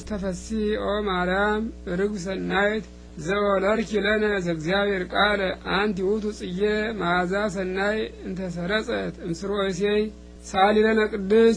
ስ ተፈሲ ኦ ማርያም ርግብ ሰናይት ዘወለርኪ ለነ ዘእግዚአብሔር ቃለ አንቲ ውቱ ጽዬ መዓዛ ሰናይ እንተሰረጸት እምስሮ እሴይ ሳሊ ለነ ቅድስት